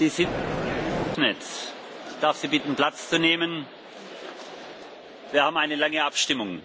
die ich darf sie bitten platz zu nehmen. wir haben eine lange abstimmung.